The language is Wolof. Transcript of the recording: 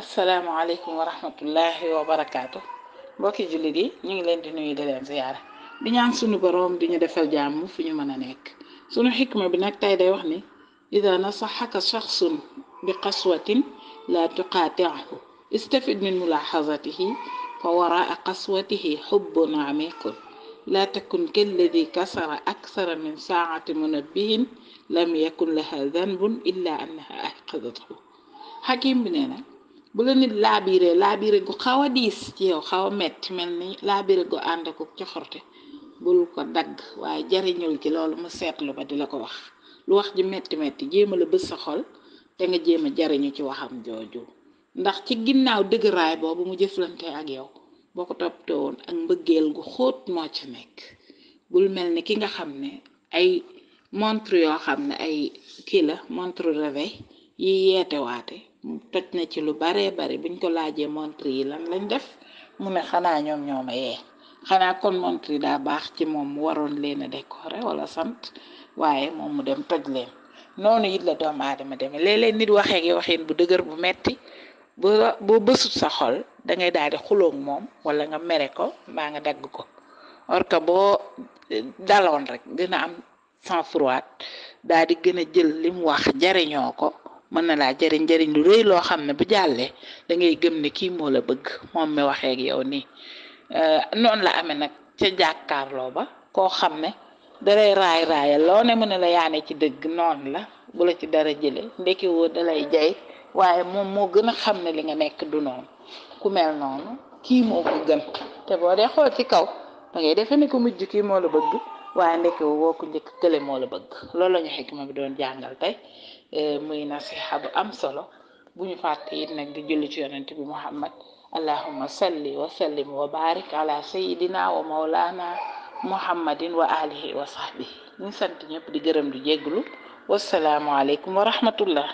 asalaamualeykum wa rahmatullahi wa barakaatu mbokki jullit yi ñu ngi leen di nuyu di leen ziyaara di ñaan sunu boroom di ñu defal jàmm fu ñu mën a nekk sunu xikma bi nag tey day wax ni ida nasaxaka shaxsun bi qaswatin laa tuqaatiahu istafid min mulaaxazatihi fa waraa qaswatihi xubbun amiqun laa takun kalladi kasara aksara min saacati munabbihin lam yakun laha danbun illa annaha ayqadathu xakim bi nee bu la nit laabiiree laabiire gu xaw a diis ci yow xaw a metti mel ni laabiire gu ànd ko coxorte bul ko dagg waaye jariñul ci loolu mu seetlu ba di la ko wax lu wax ji metti metti jéema la bës sa xol te nga jéem a jariñu ci waxam jooju ndax ci ginnaaw dëgëraay boobu mu jëflante ak yow boo ko toppatoo woon ak mbëggeel gu xóot moo ci nekk bul mel ni ki nga xam ne ay montre yoo xam ne ay kii la montre réveil yi yeetewaate toj na ci lu baree bari buñ ko laajee montre yi lan lañ def mu ne xanaa ñoom ñoo ma yee xanaa kon montre yi daa baax ci moom mu waroon leen a décorer wala sant waaye moom mu dem toj leen noonu it la doomu aadama demee léeg-léeg nit waxee ak waxin bu dëgër bu metti boo bësut sa xol dangay daal di xuloog moom wala nga mere ko maa nga dagg ko or que boo eh, daloon rek gën a am sang-froid daal di gën a jël li mu wax jariñoo ko mën na laa jëriñ jëriñ lu rëy loo xam ne bu jàllee da ngay gëm ne kii moo la bëgg moom mi waxee yow nii euh, noonu la amee nag ca jàkkaarloo ba koo xam ne daray raay raaya loo ne mën na la yaane ci dëgg noonu la bu la ci dara jële ndekki dalay jay waaye moom moo gën a xam ne li nga nekk du noonu ku mel noonu kii moo ko gën te boo dee xool ci kaw da defe ne ko mujj kii moo la bëgg waaye ndekki woo ko njëkk kële la bëgg loolu la ñu xikma bi doon jàngal tey e, muy nasiha bu am solo bu ñu fàtte it nag di julli ci yonent bi muhammad allahumma salli wa sallim wa barik ala sayidina wa maulana muhammadin wa alihi wa sahbihi ñu sant ñëpp di gërëm di jégglu wasalaamualeykum wa rahmatullah